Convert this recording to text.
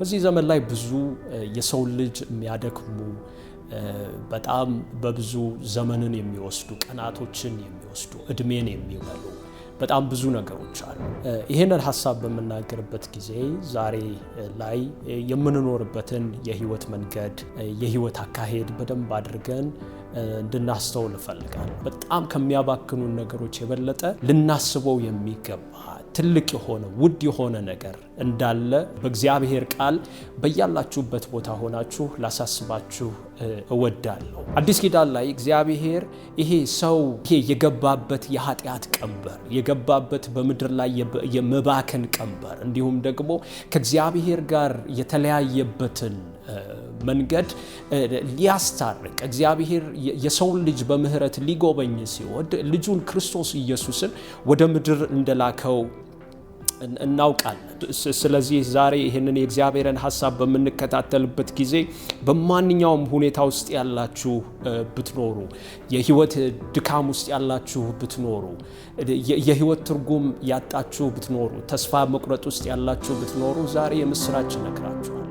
በዚህ ዘመን ላይ ብዙ የሰው ልጅ የሚያደክሙ በጣም በብዙ ዘመንን የሚወስዱ ቀናቶችን የሚወስዱ እድሜን የሚበሉ በጣም ብዙ ነገሮች አሉ። ይህንን ሀሳብ በምናገርበት ጊዜ ዛሬ ላይ የምንኖርበትን የህይወት መንገድ የህይወት አካሄድ በደንብ አድርገን እንድናስተውል እፈልጋለሁ። በጣም ከሚያባክኑን ነገሮች የበለጠ ልናስበው የሚገባ ትልቅ የሆነ ውድ የሆነ ነገር እንዳለ በእግዚአብሔር ቃል በያላችሁበት ቦታ ሆናችሁ ላሳስባችሁ እወዳለሁ። አዲስ ኪዳን ላይ እግዚአብሔር ይሄ ሰው ይሄ የገባበት የኃጢአት ቀንበር የገባበት በምድር ላይ የመባከን ቀንበር እንዲሁም ደግሞ ከእግዚአብሔር ጋር የተለያየበትን መንገድ ሊያስታርቅ እግዚአብሔር የሰውን ልጅ በምሕረት ሊጎበኝ ሲወድ ልጁን ክርስቶስ ኢየሱስን ወደ ምድር እንደላከው እናውቃለን። ስለዚህ ዛሬ ይህንን የእግዚአብሔርን ሀሳብ በምንከታተልበት ጊዜ በማንኛውም ሁኔታ ውስጥ ያላችሁ ብትኖሩ፣ የህይወት ድካም ውስጥ ያላችሁ ብትኖሩ፣ የህይወት ትርጉም ያጣችሁ ብትኖሩ፣ ተስፋ መቁረጥ ውስጥ ያላችሁ ብትኖሩ ዛሬ የምስራች እነግራችኋለሁ።